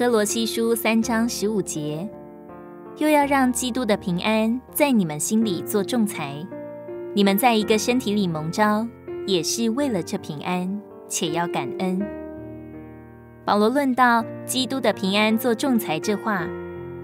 歌羅西書三章十五節，又要讓基督的平安在你們心裡做仲裁。你們在一個身體裡蒙召，也是為了這平安，且要感恩。保羅論到基督的平安做仲裁這話，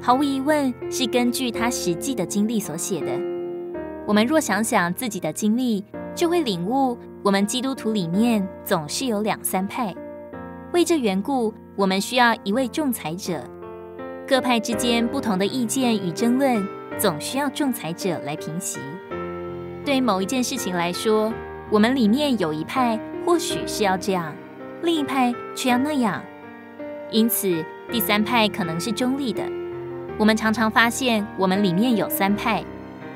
毫無疑問是根據他實際的經歷所寫的。我們若想想自己的經歷，就會領悟，我們基督徒裡面總是有兩三派。為這緣故，我們需要一位仲裁者。各派之間不同的意見與爭論，總需要仲裁者來平息。對某一件事情來說，我們裡面有一派或許是要這樣，另一派卻要那樣。因此，第三派可能是中立的。我們常常發現，我們裡面有三派：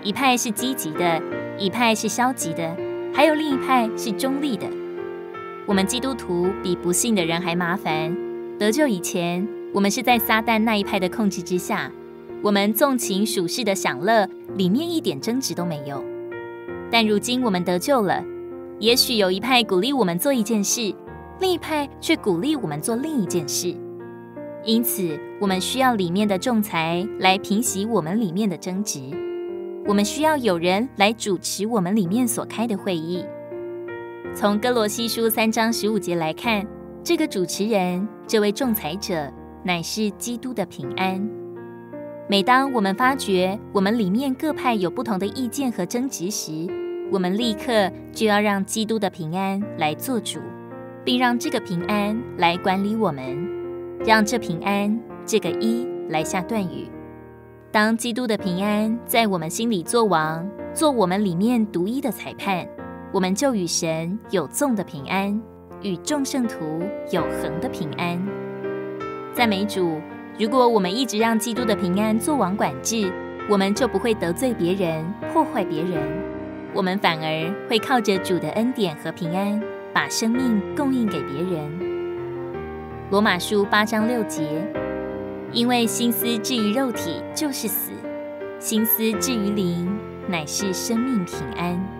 一派是積極的，一派是消極的，還有另一派是中立的。我們基督徒比不信的人還麻煩。得救以前，我們是在撒旦那一派的控制之下，我們縱情屬世的享樂，裡面一點爭執都沒有。但如今我們得救了，也許有一派鼓勵我們做一件事，另一派卻鼓勵我們做另一件事。因此，我們需要裡面的仲裁來平息我們裡面的爭執。我們需要有人來主持我們裡面所開的會議。從歌羅西書三章十五節來看，這個主持人，這位仲裁者，乃是基督的平安。每當我們發覺我們裡面各派有不同的意見和爭執時，我們立刻就要讓基督的平安來做主，並讓這個平安來管理我們，讓這平安這個一來下斷語。當基督的平安在我們心裡做王，做我們裡面獨一的裁判，我們就與神有縱的平安，與眾聖徒有橫的平安。讚美主！如果我們一直讓基督的平安做王管制，我們就不會得罪別人、破壞別人，我們反而會靠着主的恩典和平安，把生命供應給別人。羅馬書八章六節：因為心思置於肉體就是死，心思置於靈，乃是生命平安。